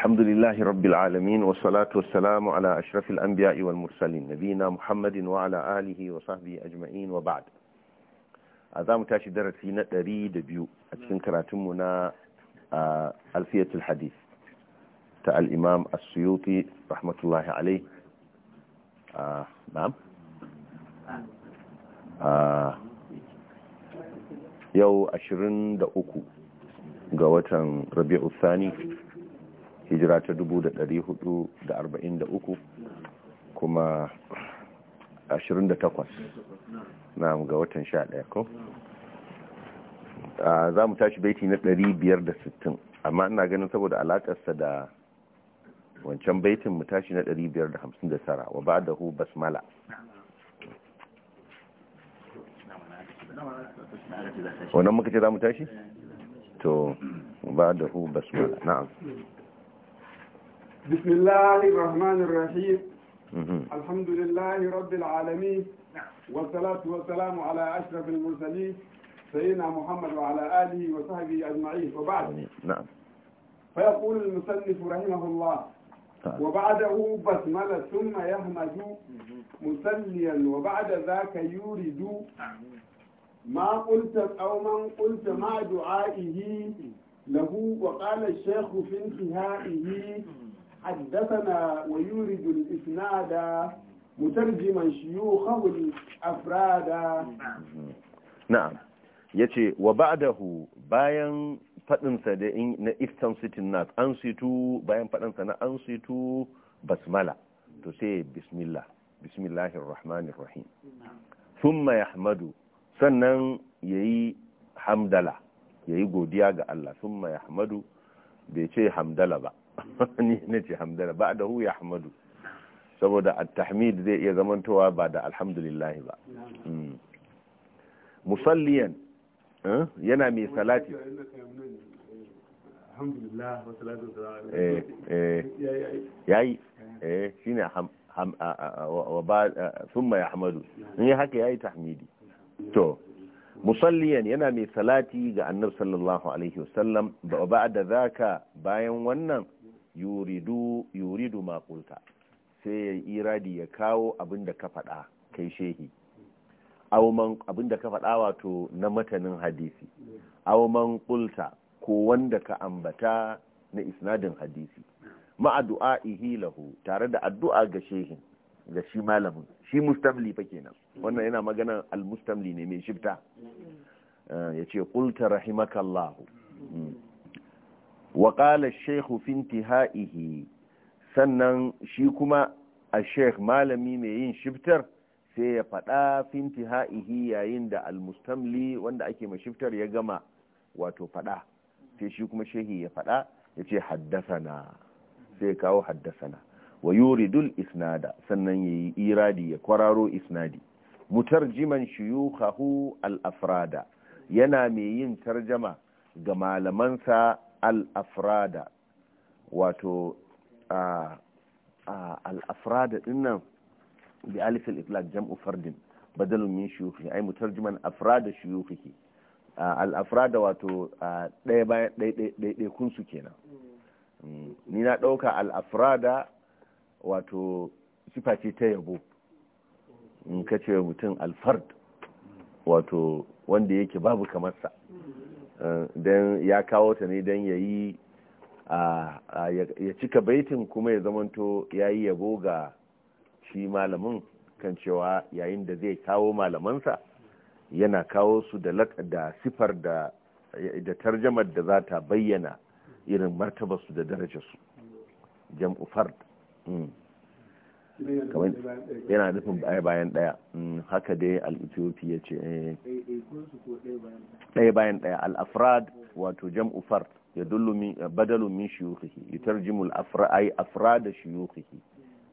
الحمد لله رب العالمين والصلاة والسلام على أشرف الأنبياء والمرسلين نبينا محمد وعلى آله وصحبه أجمعين وبعد أذام تاشي درسي نتري دبيو أتكن كراتمنا ألفية الحديث تاع الإمام السيوطي رحمة الله عليه آه نعم آه يو أشرين دا أكو ga watan rabi'u thani hijira ta 443 kuma 28 na ga watan 11 ko ah, za mu tashi baiti na 560 amma ina ganin saboda alakarsa da wancan baitin mu tashi na 559 wa ba da hu basmala wannan muka ce za mu tashi to ba da hu basmala na'am بسم الله الرحمن الرحيم الحمد لله رب العالمين والصلاة والسلام على أشرف المرسلين سيدنا محمد وعلى آله وصحبه أجمعين وبعد نعم فيقول المصنف رحمه الله وبعده بسملة ثم يهمد مسليا وبعد ذاك يورد ما قلت أو من قلت مع دعائه له وقال الشيخ في انتهائه حدثنا ويورد الإسناد مترجما شيوخه الأفراد نعم yace wa ba'dahu bayan fadinsa da na eastern city na an situ bayan fadinsa na an situ basmala to sai bismillah bismillahir rahmanir rahim thumma yahmadu sannan yayi hamdala yayi godiya ga Allah thumma yahmadu bai ce hamdala ba ni na ce hamdala ba da ya hamadu saboda at-tahmid zai iya zamantowa ba da alhamdulillah ba hmm. musalliyan eh, yana mai salati eh, eh. yayi eh shine wa ba thumma yahmadu in haka yayi tahmidi to musalliyan yana mai salati ga annabi sallallahu alaihi wasallam ba da zaka bayan wannan yuridu yuridu ma qulta sai ya iradi ya kawo abinda ka faɗa kai shehi aw man ka faɗa wato na matanin hadisi aw man ko wanda ka ambata na isnadin hadisi ma'a du'a'ihi lahu tare da addu'a ga shehin ga shi malamin shi mustamli fa kenan wannan yana magana al-mustamli ne mai shifta eh, ya ce qulta rahimakallahu hmm. waƙala shehu finti ha'ihi sannan shi kuma a sheikh malami mai yin shiftar sai ya faɗa finti ha'ihi yayin da almustamli wanda ake ma shiftar ya gama wato faɗa sai shi kuma shehi ya faɗa ya ce haddasana sai kawo haddasana wa yuridul isnada sannan ya yi iradi ya kwararo isnadi mutarjiman shiyukahu al-afrada yana mai yin tarjama ga malamansa al-afrada wato al-afrada dinnan bi alif al jam'u fardin badalun min shuyukhi ai mutarjiman afrada shuyukhi al-afrada wato daya bayan kun su kenan mm, ni na ɗauka al-afrada wato sifa ce ta yabo in kace mutum alfard fard wato wanda yake babu kamarsa. don ya kawo ta ne don ya yi ya cika baitin kuma ya zamanto ya yi yabo ga shi malamin kan cewa yayin da zai kawo malamansa yana kawo su da sifar da tarjamar da za ta bayyana irin martabarsu da darajarsu jam'u fard hmm. yana nufin ɗaya bayan ɗaya mm, haka dai al-ethiopi ya ce eh, ɗaya bayan ɗaya al-afrad wato jam'u far ya dullu badalu min shiyukhihi yutarjimu al-afrad ay afrad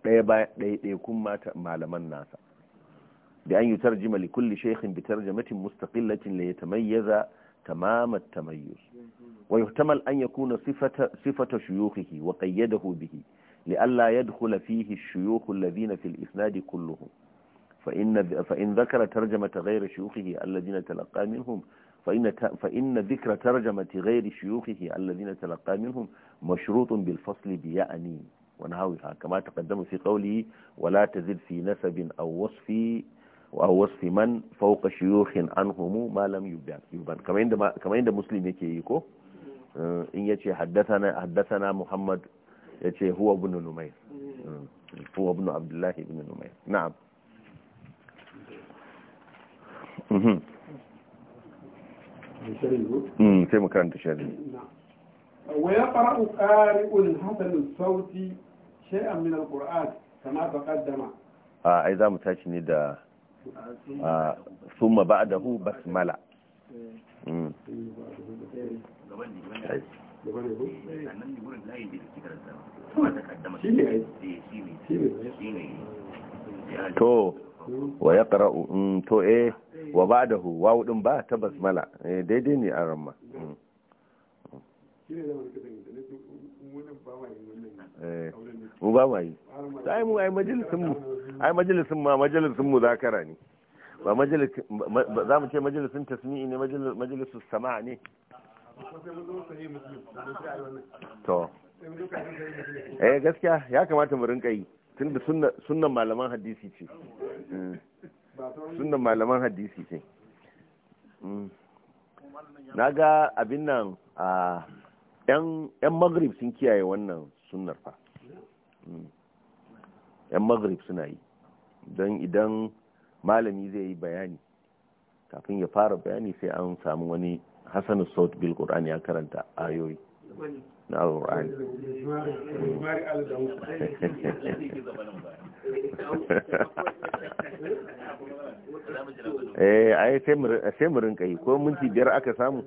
ɗaya bayan ɗaya ɗaya kun mata malaman nasa da an yutarjima li kulli shaykhin bi tarjamatin mustaqillatin la yatamayyaza tamam at-tamayyuz wa yuhtamal an yakuna sifata sifata shuyukhihi wa qayyadahu bihi لئلا يدخل فيه الشيوخ الذين في الإسناد كلهم فإن, فإن ذكر ترجمة غير شيوخه الذين تلقى منهم فإن, فإن ذكر ترجمة غير شيوخه الذين تلقى منهم مشروط بالفصل بيعني ونحوها كما تقدم في قوله ولا تزد في نسب أو وصف أو وصف من فوق شيوخ عنهم ما لم يبان, كما عند كما عند مسلم يكي يكو إن يتي حدثنا حدثنا محمد هو ابن نمير هو ابن عبد الله بن نمير نعم في مكان تشاهده نعم ويقرأ قارئ الحسن الصوتي شيئا من القرآن كما تقدم آه إذا متشني دا آه، ثم بعده بسملة إيه. ثم طيب. sannan hmm. to wa ya qara'u hmm, to eh wa hu wa wudin ba ta basmala eh, daidai ne a ramma hmm. eh, mu ba ma yi sai mu ai majalisin mu ai majalisin ma majalisin mu zakara ne ba majalisin za mu ce majalisin tasmi'i ne majalisin sama'a ne to eh gaskiya ya kamata mu rinka yi tunda sunnan malaman hadisi ce mm. sunnan malaman hadisi ce mm. na ga abin nan a yan maghrib sun kiyaye wannan sunnar fa yan mm. maghrib suna yi don idan malami zai yi bayani kafin ya fara bayani sai an samu wani hassan saut bil qur'an ya karanta ayoyi na qur'an eh ai sai mu rinka yi ko minti biyar aka samu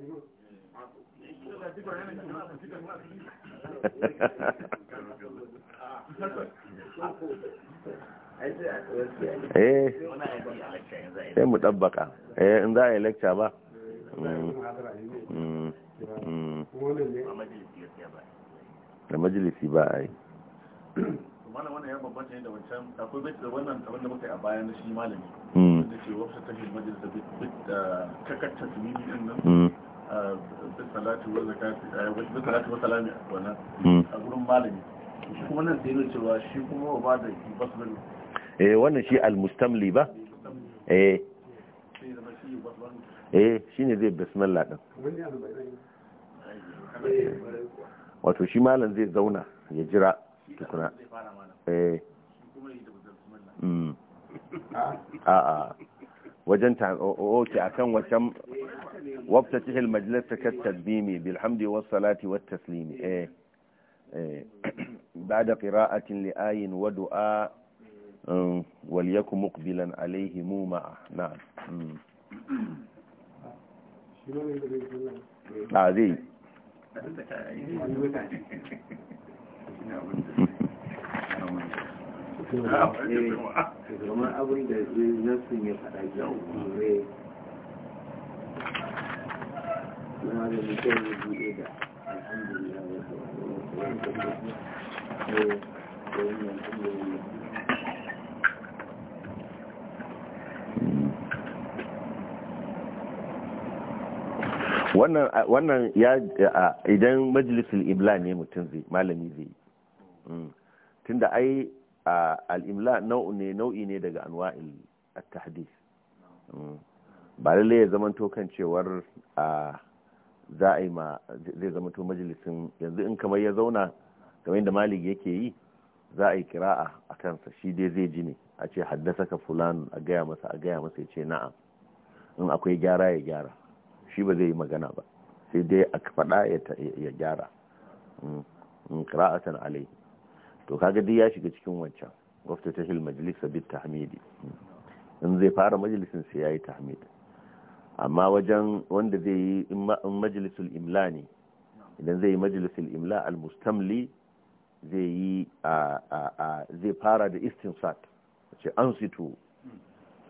eh sai mu ɗabbaka eh in za a yi lecture ba Mm, mm. da majalisi ba a yi mana wannan ya bambanta ne da wancan akwai bai da wannan abin da muka yi a bayan na shi malami mm. da ce wasu ta hin majalisa bit da uh, kakatta tumini din nan uh, bit salatu wa zakati uh, bit salatu wa salami wannan a gurin malami shi kuma nan sai ne cewa shi kuma ba da basu eh wannan shi al-mustamli ba eh eh ne zai basmalla ɗin wato shi malam zai zauna ya jira tukuna eh. mm. A'a a a wajen ta oke akan wacan wabta cihil majalisar ta bimi bilhamdi wasu salati wasu taslimi eh بعد قراءة لآي ودعاء وليكن مقبلا عليه مو ma'a نعم a ah, zai kamar ya buɗe da wannan ya idan majalisul imla ne mutum zai malami zai yi mm. tunda ai al'imla ne nau'i ne daga anwa'il at-tahdith mm. ba lalle ya zama kan cewar za a yi ma zai to majalisin yanzu in kamar ya zauna kamar yadda malik yake yi za a yi kira'a a kansa shi dai zai ji ne a ce haddasa ka fulan a gaya masa a gaya masa ya ce na'am in akwai gyara ya gyara shi ba zai yi magana ba sai dai a faɗa ya gyara ƙira'atan mm, mm, alai to kaga dai ya shiga cikin wancan wafta ta hil majalisa bit tahmidi in zai fara majalisin sai ya yi tahmid amma wajen wanda zai yi in majalisul imla ne idan zai yi majalisul imla al-mustamli zai yi a zai fara da istinsat ce an situ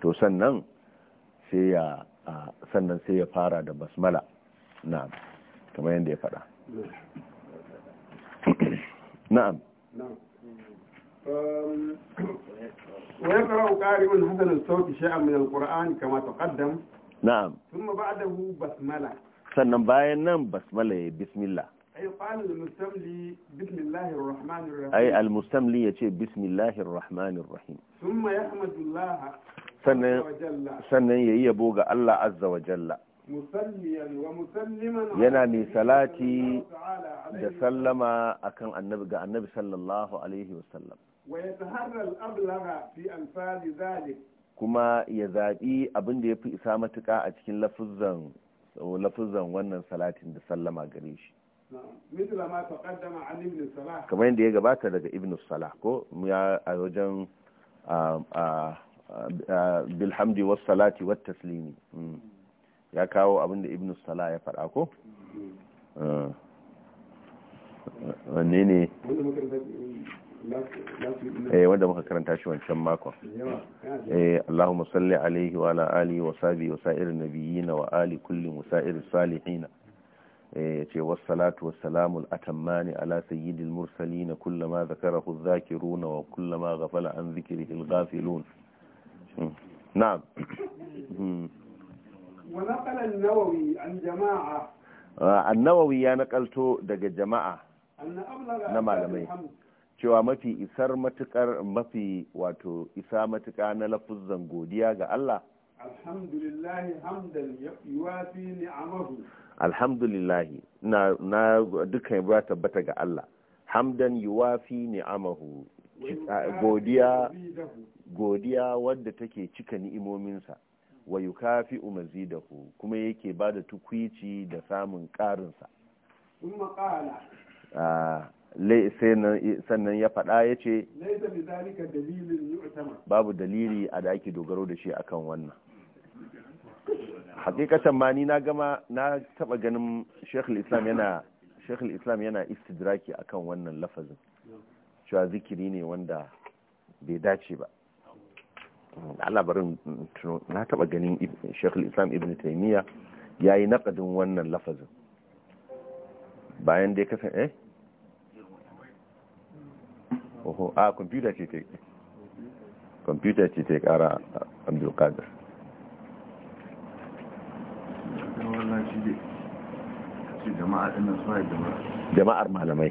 to sannan sai ya sannan sai ya fara da basmala na'am kamar yadda ya faɗa na'am ويقرأ قارئ حسن الصوت شيئا من القرآن كما تقدم نعم ثم بعده بسملة sannan bayan nan basmala ya bismillah ay al-mustamli ya ce bismillahir rahmanir rahim thumma yahmadullah sannan ya yi yabo ga Allah azza wa jalla yana ne salati da sallama akan annabi ga annabi sallallahu alaihi wasallam kuma ya zaɓi abin da ya fi isa matuƙa a cikin lafuzan wannan salatin da sallama gare shi kamar yadda ya gabata daga ibn salah ko ya a wajen bilhamdi wasu salati wat taslimi ya kawo abinda ibn sala ya faɗa ko wanne ne eh wanda muka karanta shi wancan makon eh Allahumma salli alaihi wa ala alihi wa sahbihi wa sa'irin nabiyina wa ali kulli musairis salihina eh yace wassalatu wassalamu al-atammani ala sayyidil mursalin kullama dhakarahu adh-dhakiruna wa kullama ghafala an dhikrihi al-ghafilun يا annawawi ya جماعة daga jama'a na malamai cewa mafi isar matukar mafi wato isa matuka na lafuzan godiya ga Allah alhamdulillahi hamdan yuwafi ni'amahu alhamdulillahi na na dukkan ya tabbata ga Allah hamdan yuwafi ni'amahu godiya godiya wadda take cika ni'imominsa wa yukafi umazidahu kuma yake ba da tukwici da samun ƙarinsa ah, sannan ya faɗa ya ce babu dalili a da ake dogaro da shi akan wannan hakikatan ma ni na gama na taba ganin shekul islam yana shekul islam yana istidraki akan wannan lafazin cewa zikiri ne wanda bai dace ba Allah barin tuno na taba ganin Sheikh Islam Ibn Taymiyyah yayi naqadin wannan lafazin bayan dai kasan eh oho a computer ce take computer ce take ara Abdul Qadir jama'ar malamai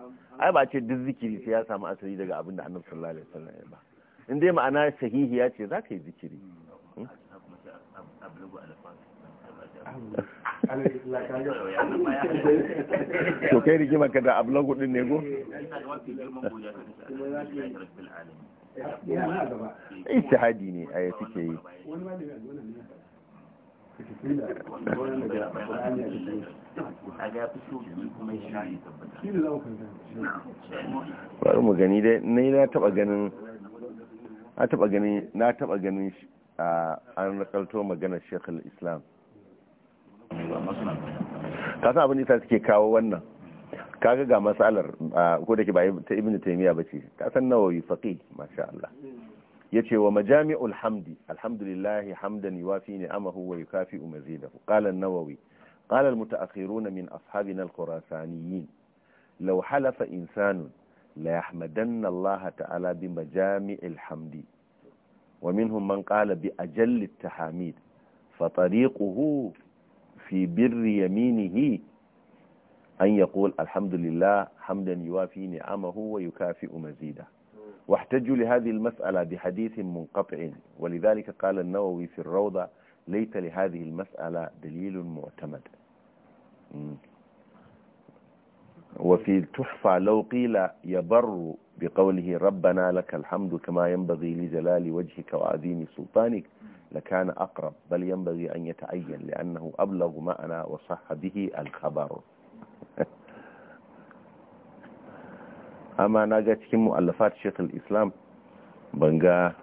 ai ba ce duk zikiri sai ya samu asali daga abin da annabi sallallahu alaihi wasallam ya ba in dai ma'ana sahihi ya ce zaka yi zikiri hmm? to kai rigima ka da ablagu din ne go ijtihadi ne a suke yi bari mu gani dai na yi na taba ganin na taba ganin na taba ganin a an rikalto magana shekul islam ka san abin da suke kawo wannan kaga ga matsalar ko da ke bayan ta ibn taymiya bace ka san yi faƙi masha Allah yace wa majami'ul hamdi alhamdulillahi hamdan yuwafi ni'amahu wa yukafi'u mazidahu qala an-nawawi qala al-muta'akhiruna min ashabina al-khurasaniyin law halafa insanun la yahmadanna Allah ta'ala bi majami'il hamdi wa minhum man qala bi ajalli at-tahamid fa tariquhu fi birri yaminihi an yaqul alhamdulillah hamdan yuwafi ni'amahu wa yukafi'u mazidahu واحتجوا لهذه المسألة بحديث منقطع ولذلك قال النووي في الروضة ليت لهذه المسألة دليل معتمد وفي التحفة لو قيل يبر بقوله ربنا لك الحمد كما ينبغي لجلال وجهك وعظيم سلطانك لكان أقرب بل ينبغي أن يتعين لأنه أبلغ معنا وصح به الخبر amma na ga cikin mu'allafat shekul islam ban ga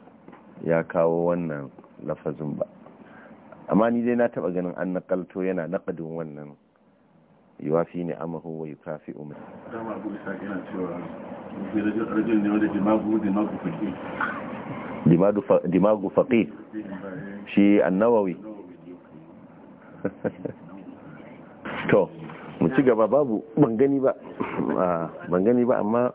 ya kawo wannan lafazin ba amma ni dai na taba ganin an nakalto yana naƙadin wannan yuwafi ne amma huwa yukafi umar dama abu isa yana cewa rajin ne wanda dimagu dimagu faqih dimagu faqih shi to mu ci gaba babu ban gani ba ah, ban gani ba amma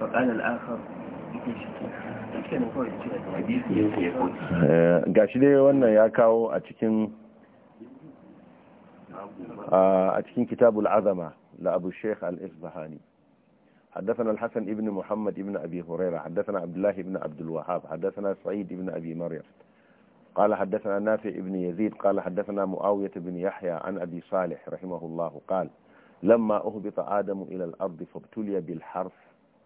فقال الآخر wannan ya kawo a cikin a azama la abu sheikh al-isbahani haddathana al-hasan ibn muhammad ibn abi huraira haddathana abdullah ibn abdul sa'id ibn abi maryam qala nafi' ibn yazid qala haddathana muawiyah ibn yahya an abi salih rahimahullah qala لما أهبط آدم إلى الأرض فابتلي بالحرف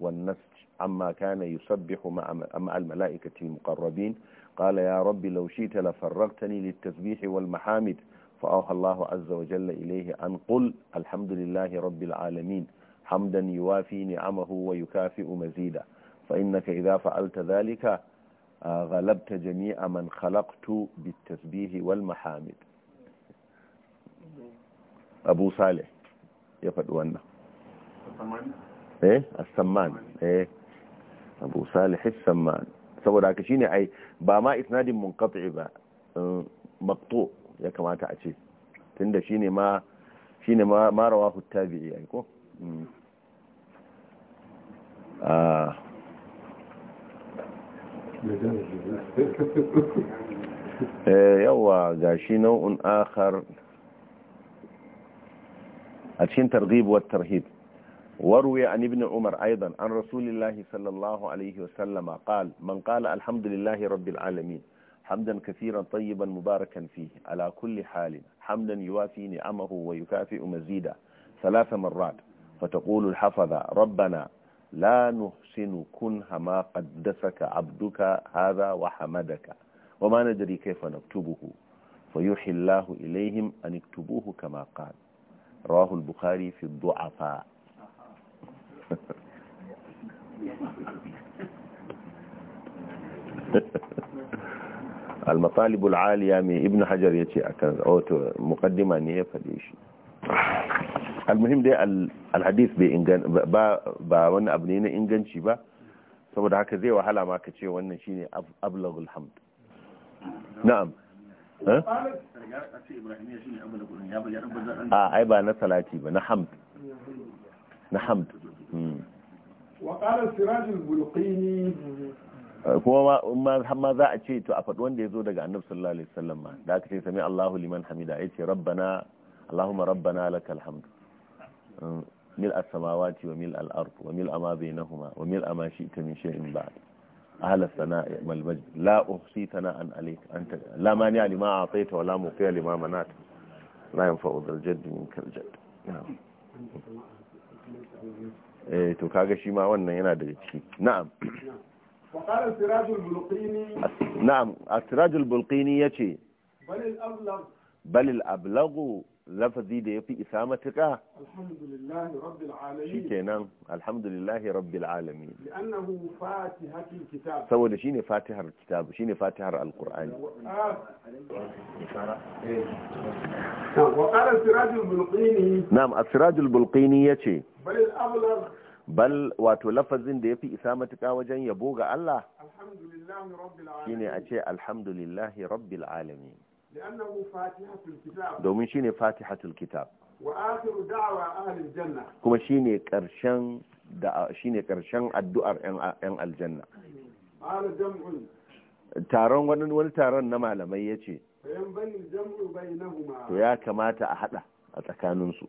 والنسج عما كان يسبح مع الملائكة المقربين قال يا رب لو شئت لفرغتني للتسبيح والمحامد فأوحى الله عز وجل إليه أن قل الحمد لله رب العالمين حمدا يوافي نعمه ويكافئ مزيدا فإنك إذا فعلت ذلك آه، غلبت جميع من خلقت بالتسبيح والمحامد أبو صالح ya faɗi wannan eh as-samman eh abu salih as-samman saboda haka shine ai ba ma isnadin munqati ba eh, maqtu ya kamata a ce tunda shine ma shine ma ma rawahu tabi'i ai ko mm. ah eh, yawa gashi nau'un akhar الشين ترغيب والترهيب وروي عن ابن عمر أيضا عن رسول الله صلى الله عليه وسلم قال من قال الحمد لله رب العالمين حمدا كثيرا طيبا مباركا فيه على كل حال حمدا يوافي نعمه ويكافئ مزيدا ثلاث مرات فتقول الحفظة ربنا لا نحسن كنه ما قدسك عبدك هذا وحمدك وما ندري كيف نكتبه فيوحي الله إليهم أن اكتبوه كما قال رواه البخاري في الضعفاء المطالب العالية من ابن حجر يتي أكن مقدمة نية فديشي المهم دي الحديث با با wani abu ne na inganci ba saboda haka zai wahala ma ka ce wannan shine ablagul hamd na'am Eh? a ah, ah, ai ba na salati ba na hamd na hamd hmm. eh, kuma ma za a ce to a faɗi wanda ya zo daga annabi sallallahu alaihi wasallam ma da aka ce sami Allahu liman hamida yace rabbana Allahumma rabbana lakal hamd hmm. mil as-samawati wa mil al-ard wa mil ma bainahuma wa mil ma shi'ta min shay'in ba'd أهل الثناء والمجد لا أحصي ثناء عليك أنت لا مانع لما أعطيت ولا مطيع لما منعت لا ينفع ذا الجد منك الجد نعم eh to kaga shi ma wannan yana daga ciki na'am وقال السراج البلقيني نعم السراج البلقيني يتي بل الأبلغ بل الأبلغ lafazi da ya fi isa matuƙa shi kenan alhamdulillahi rabbil alami saboda shine fatihar kitab shi fatihar alkur'ani ah. eh. na'am a sirajul bulkini ya ce bal wato lafazin da ya fi isa matuƙa wajen yabo ga Allah shi a ce alhamdulillahi rabbil alami domin shine fatihatul kitab kuma shine karshen da shine karshen addu'ar yan aljanna taron wani wani taron na malamai yace to ya kamata a hada a tsakaninsu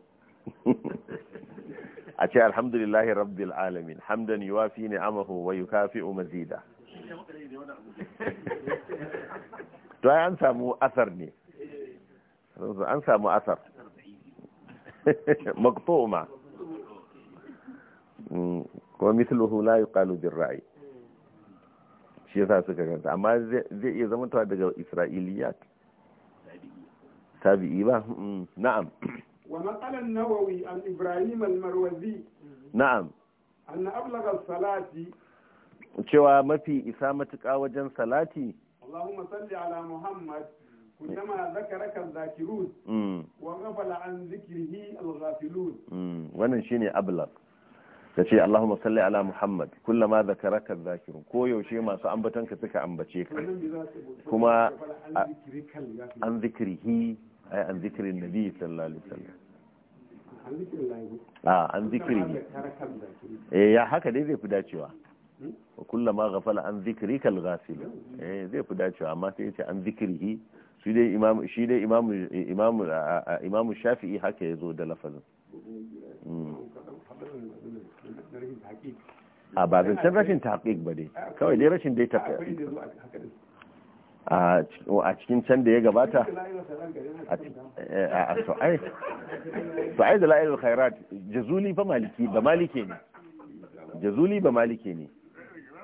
a ce alhamdulillahi rabbil alamin hamdan yuwafi ni'amahu wa yukafi'u mazida to ai an samu asar ne an samu asar maqtu ma ko mm, mithluhu la yuqalu bir ra'i shi yasa suka ganta amma zai iya zama tawa daga isra'iliyat tabi'i ba mm, na'am wa matsalan nawawi an ibrahim al-marwazi na'am anna ablagha salati cewa mafi isa matuƙa wajen salati اللهم صل على محمد كلما ذكرك الذاكرون وغفل عن ذكره الغافلون wannan shine ablaq kace Allahumma salli ala Muhammad kullama zakaraka zakirun ko yaushe masu ambatan ka suka ambace ka kuma an zikrihi ay an zikrin nabi sallallahu alaihi wasallam an zikrihi ah an zikrihi eh ya haka dai zai fi dacewa Hmm? wa ma ghafala an zikri kal ghasil eh zai fi dacewa amma sai yace an zikiri shi dai imam shi dai imam imam imam shafi'i haka yazo da lafazin hmm. a ba zancen rashin tahqiq ba dai kawai dai rashin dai tafiya. a cikin can da ya gabata a su'ai eh, su'ai da la'ilul khairat jazuli ba maliki ba maliki ne jazuli ba ne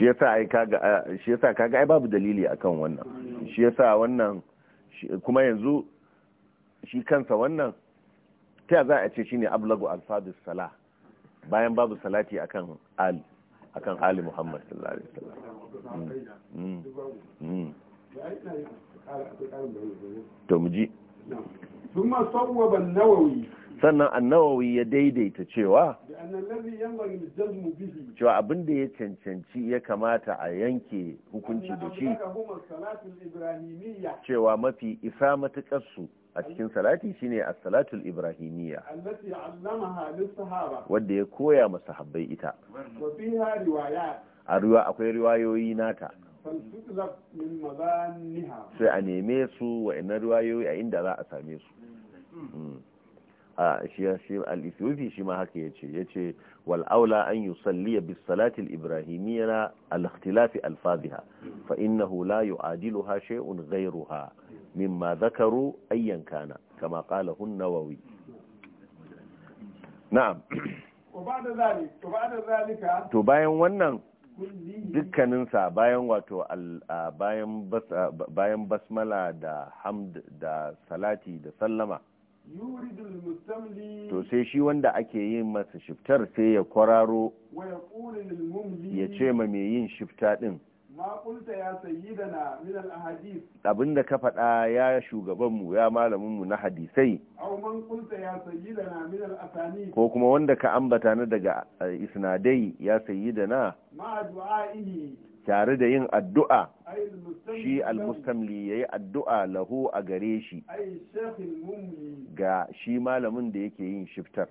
shi yasa ai kaga shi yasa kaga ai babu dalili akan wannan shi yasa wannan kuma yanzu shi kansa wannan ta za a ce shine ablagu alfadus sala bayan babu salati akan ali akan ali muhammad sallallahu alaihi wasallam mm, mm, mm. to mu ji ثم صوب النووي sannan annawawi ya daidaita cewa cewa abin da ya cancanci ya kamata a yanke hukunci da shi cewa mafi isa su a cikin salati shine a salatul ibrahimiyya wadda ya koya masa habbai ita a ruwa akwai riwayoyi nata sai a neme su wa'annan riwayoyi a inda za a same su hmm. a shi al-Ithiopi shi ma haka yace yace wal aula an yusalli bis salati al-ibrahimiyya al-ikhtilaf al-fadhiha fa innahu la yu'adiluha shay'un ghayruha mimma dhakaru ayyan kana kama qala an-nawawi na'am to bayan wannan dukkaninsa bayan wato bayan basmala da hamd da salati da sallama to sai shi wanda ake yin masa shiftar sai ya kwararo ya ce ma mai yin shifta din abinda ka faɗa ya shugabanmu ya malaminmu na hadisai ko kuma wanda ka ambata na daga eh, isnadai ya sayi da na tare da yin addu'a shi almustamli ya yi addu'a lahu a gare shi ga shi malamin da yake yin shiftar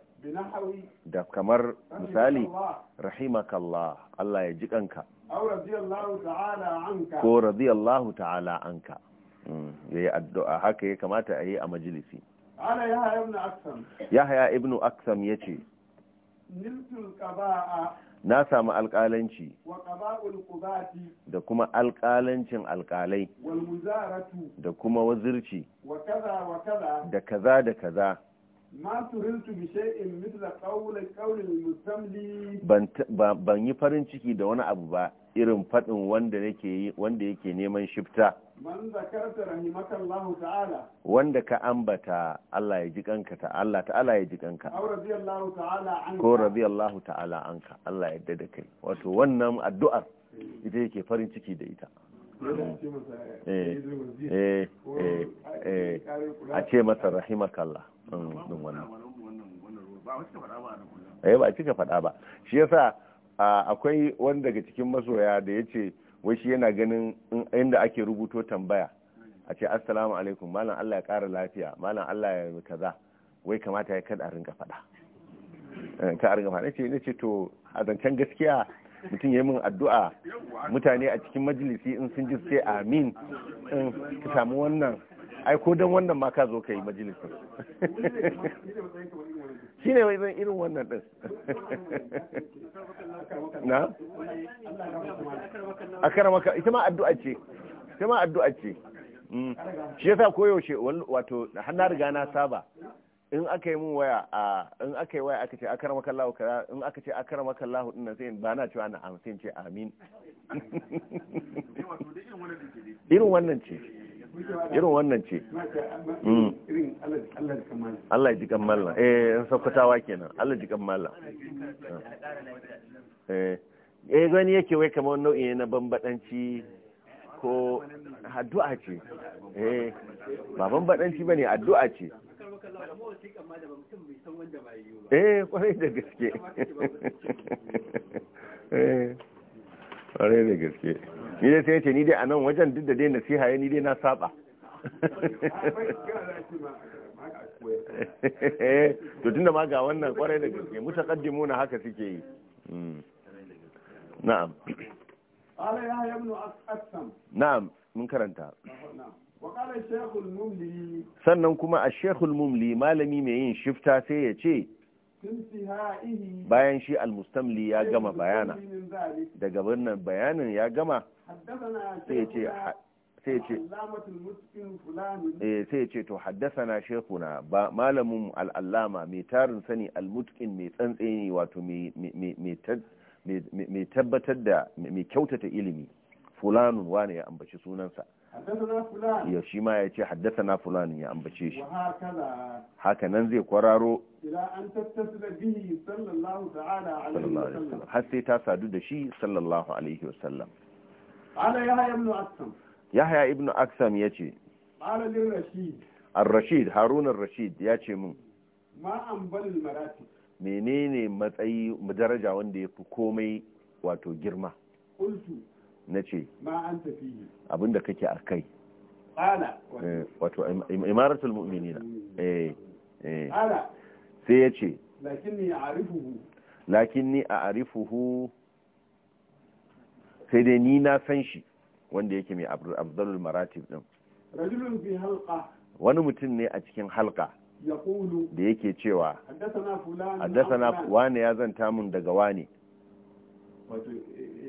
da kamar misali rahimakallah Allah ya ji kanka ko radiyallahu ta'ala anka mm, ya yi addu'a haka ya kamata a yi a majalisi haya ibn aksam ya ce na samu alƙalanci da kuma alƙalancin alƙalai da kuma wazirci da kaza da kaza ban yi farin ciki da wani abu ba irin faɗin wanda yake neman shifta wanda ka ambata Allah ya ji kanka ta Allah ta'ala ya ji kanka ko radiyallahu ta'ala anka Allah ya da kai wato wannan addu'ar ita yake farin ciki da ita eh, eh, eh, a ce masa rahimakallah mm, din wannan ba a cika faɗa ba shi yasa akwai wani daga cikin masoya da ya ce wai shi yana ganin inda ake rubuto tambaya a ce assalamu alaikum malam Allah ya ƙara lafiya malam Allah ya kaza wai kamata ya kada a rinka faɗa eh, ka a rinka faɗa ce ne to a zancen gaskiya mutum ya yi min addu'a mutane a cikin majalisi in sun ji sai amin in ka samu wannan ai ko dan wannan ma ka zo ka yi majalisar shi ne wajen irin wannan din na a karamaka ita ma addu'a ce ita ma addu'a ce mm. shi yasa koyaushe wato da na riga na saba in aka yi mun waya a in aka yi waya aka ce akara makallahu kaza in aka ce akara maka din nan sai ba na cewa na amsin ce amin irin wannan ce irin wannan ce hmm. Allah ji kan mallan eh yan sakkwatawa kenan Allah ji kan mallan eh eh gani yake wai kamar nau'i na bambadanci ko addu'a ce eh ba bambadanci bane addu'a ce eh kwarai da gaske eh kwarai da gaske ni dai sai ya ce ni dai a nan wajen duk da dai nasiha ya ni dai na saba to tunda ma ga wannan kwarai da gaske mutaqaddimu na haka suke yi hmm. na'am ala na'am mun karanta sannan kuma a shekul mumli malami mai yin shifta sai ya ce bayan shi al al-mustamli ya gama bayana daga wannan bayanin ya gama sai ce eh, ce to haddasa na shekuna ba malamin al'allama mai tarin sani almutkin mai tsantseni wato mai tabbatar da mai kyautata ilimi fulanun wane ya ambaci sunansa ya shi ma ya ce haddasa na fulani ya ambace shi haka nan zai kwararo har sai ta sadu da shi sallallahu alaihi wasallam yahya ibn aksam ya ce al-rashid harunan rashid ya ce min menene matsayi daraja wanda ya fi komai wato girma na ce abinda kake a kai eh, wato imaratul na mm. eh, eh. sai ya ce lakin ni a arifuhu sai dai ni na san shi wanda yake mai abdullul maratib din wani mutum ne a cikin halka da yake cewa a dasa na wane ya zanta mun daga wane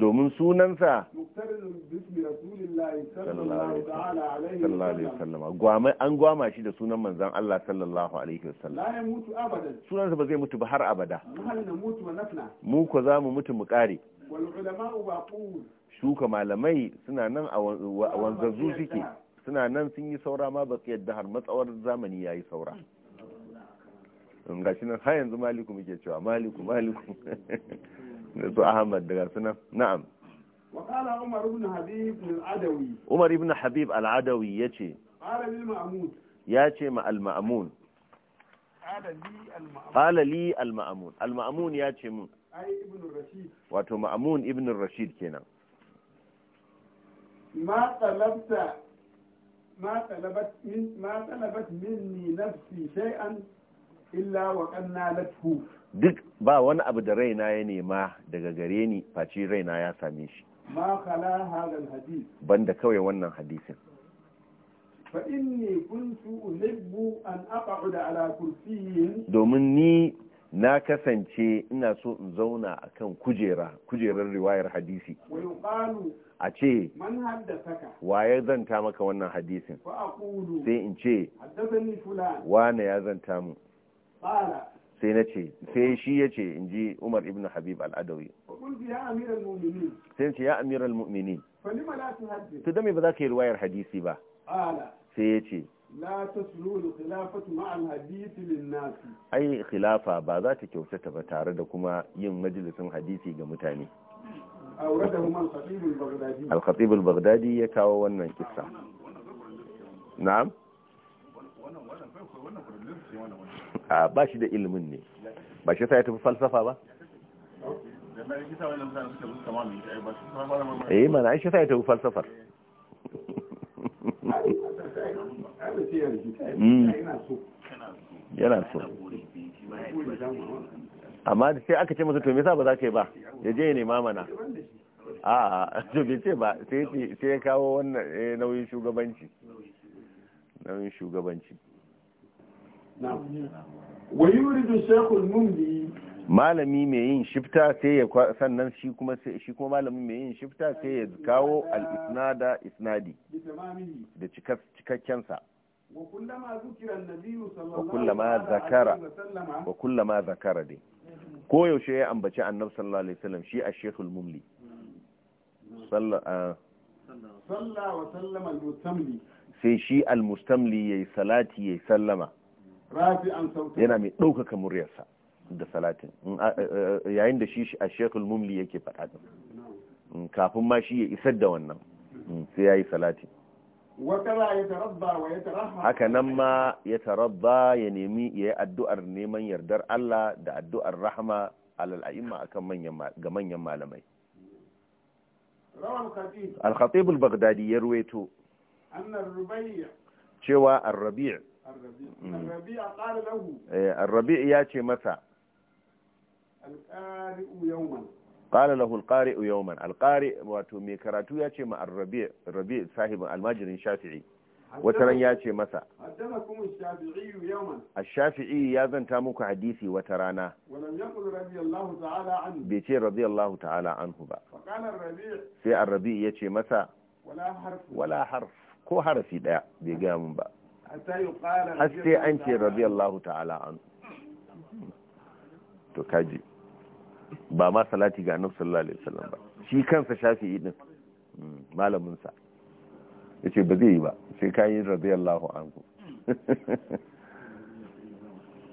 domin sunansa gwamai an gwama shi da sunan manzan Allah sallallahu alaihi wasallam sunansa ba zai mutu ba har abada mu ko za mu mutu mu kare shuka malamai suna nan a wanzanzu suke suna nan sun yi saura ma ba su yadda har matsawar zamani ya yi saura ga shi nan har yanzu maliku muke cewa maliku maliku نعم وقال عمر بن حبيب العدوي عمر بن حبيب العدوي يجي قال للمأمون يجي مع المأمون قال لي المأمون قال لي المأمون يجي من أي ابن الرشيد واتو مأمون ابن الرشيد كنا ما طلبت ما طلبت من ما طلبت مني نفسي شيئا إلا وقد نالته duk ba wani abu da raina ya nema daga gare ni face raina ya same shi ma kala hadith banda kawai wannan hadisin fa inni kuntu an aq'ud ala domin ni na kasance ina so in zauna akan kujera kujerar riwayar hadisi a ce waye zanta maka wannan hadisin sai in ce wane ya zanta mu sai na ce sai shi ya ce in ji umar ibn habib al'adawi sai ce ya amiral mu'mini to dame ba za ka yi ruwayar hadisi ba sai ya ce ai khilafa ba za ta kyautata ba tare da kuma yin majalisun hadisi ga mutane al-khatib al-baghdadi ya kawo wannan kisa. na'am a ba shi da ilimin ne ba shi sa ya tafi falsafa ba eh mana shi sa ya tafi falsafar hmm. yana so amma sai aka ce masa to me yasa ba za ka yi ba ya je ne mamana. a to bai ce ba sai ya kawo wannan eh, nauyin shugabanci nauyin shugabanci wa yuridu shaykhul mumli malami mai yin shifta sai ya sannan shi kuma shi kuma malami mai yin shifta sai ya kawo al-isnada isnadi da cikakken sa wa kullama zakara wa kullama zakara dai ko yaushe ya ambaci annabi sallallahu alaihi wasallam shi a shaykhul mumli sallallahu sallallahu wa sallama al-mustamli sai shi al-mustamli yayi salati yayi sallama yana mai ɗaukaka muryarsa da salatin yayin da shi a shekul mumli yake faɗa ɗin kafin ma shi ya isar da wannan sai ya yi salati haka nan ma ya tarabba ya nemi ya yi addu'ar neman yardar Allah da addu'ar rahama alal'a'imma ga manyan malamai al-khatib al ya ruwaito cewa al-rabi' الربيع يا شي متى القارئ يوما قال له القارئ يوما القارئ واتو مي كراتو يا شي مع الربيع الربيع صاحب الماجر الشافعي wataran ya ce masa shafi'i ya zanta muku hadisi wata rana bai ce radiyallahu ta'ala anhu ba sai arrabi ya ce masa wala harf ko harfi daya bai gaya mun ba har sai an ce radiyallahu ta'ala an to kaji ba ma salati ga annabi sallallahu alaihi wasallam ba shi kansa shafi'i din malamin sa yace ba zai yi ba sai kai radiyallahu anhu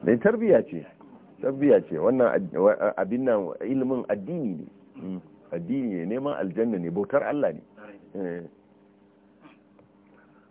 ne tarbiya ce tarbiya ce wannan abin nan ilimin addini ne addini ne neman aljanna ne bautar Allah ne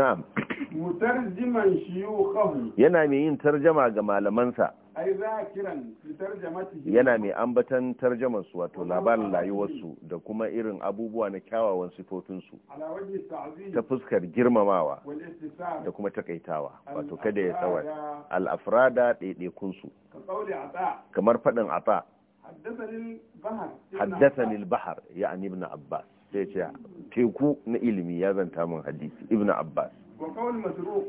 na'am yana mai yin tarjama ga malamansa ai yana mai ambatan tarjaman su wato labarin rayuwarsu da kuma irin abubuwa na kyawawan sifofinsu ta fuskar girmamawa da kuma takaitawa wato kada ya tsawar al-afrada ɗaiɗaikun kamar faɗin ata bahar ya يعني ابن abbas. sai ce teku na ilimi ya zanta min hadisi ibn abbas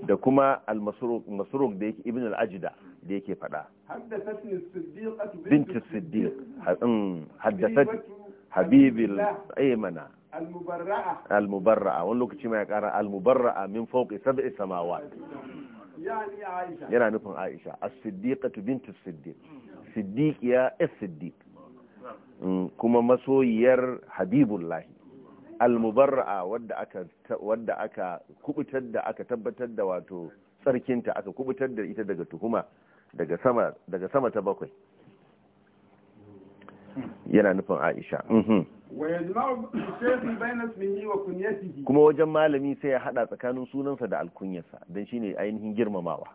da kuma al-masruq da yake ibn al-ajda da yake fada binti siddiq um, haddathat habibil aymana al-mubarra'a wani lokaci ma kara al-mubarra'a min fawqi sab'i samawat yana nufin aisha as-siddiqatu binti siddiq siddiqiya as-siddiq mm, kuma masoyiyar habibullahi almubarra'a wadda aka wadda aka kubutar da aka tabbatar da wato tsarkinta aka kubutar da ita daga tuhuma daga sama daga ta bakwai yana nufin Aisha mhm. kuma wajen malami sai ya hada tsakanin sunansa da alkunyarsa don shine ainihin girmamawa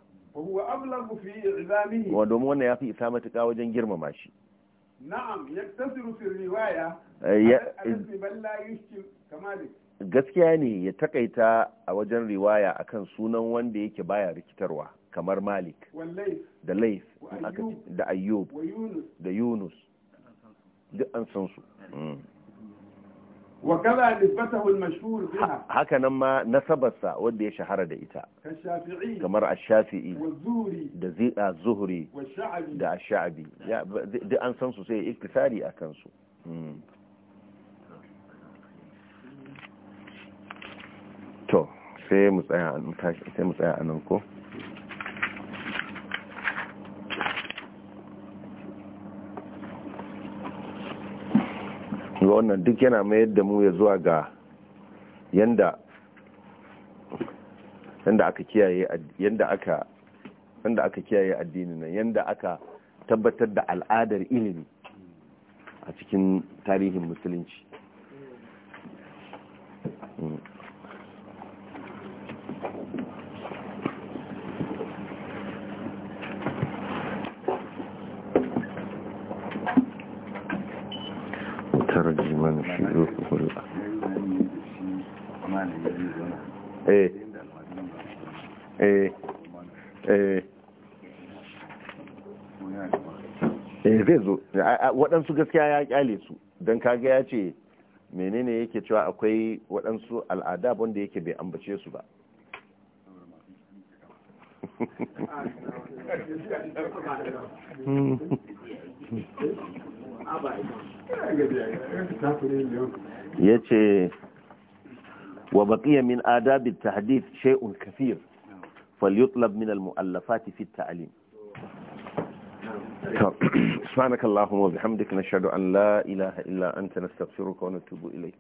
wa domin wannan ya fi isa matuka wajen girmama shi na'am yaktasiru fi riwaya eh, eh, gaskiya ne ya takaita a wajen riwaya akan sunan wanda yake baya rikitarwa kamar malik da laif da ayyub da yunus duk an san su mm. وكذا نسبته المشهور بها haka nan ma nasabarsa wanda ya shahara da ita kamar ash-shafi'i da zida zuhri da ash-sha'bi duk an san su sai iktisari akan su hmm. to tsaya an sai mu tsaya anan ko wannan duk yana mayar da mu ya zuwa ga yanda yanda aka kiyaye yanda aka yanda aka kiyaye addinin nan yanda aka tabbatar da al'adar ilimi a cikin tarihin musulunci Eh. eh eh eh zai zo waɗansu gaskiya ya kyale su don kaga ya ce menene yake cewa akwai waɗansu al'ada wanda yake bai ambace su ba ya ce وبقي من آداب التحديث شيء كثير فليطلب من المؤلفات في التعليم سبحانك اللهم وبحمدك نشهد أن لا إله إلا أنت نستغفرك ونتوب إليك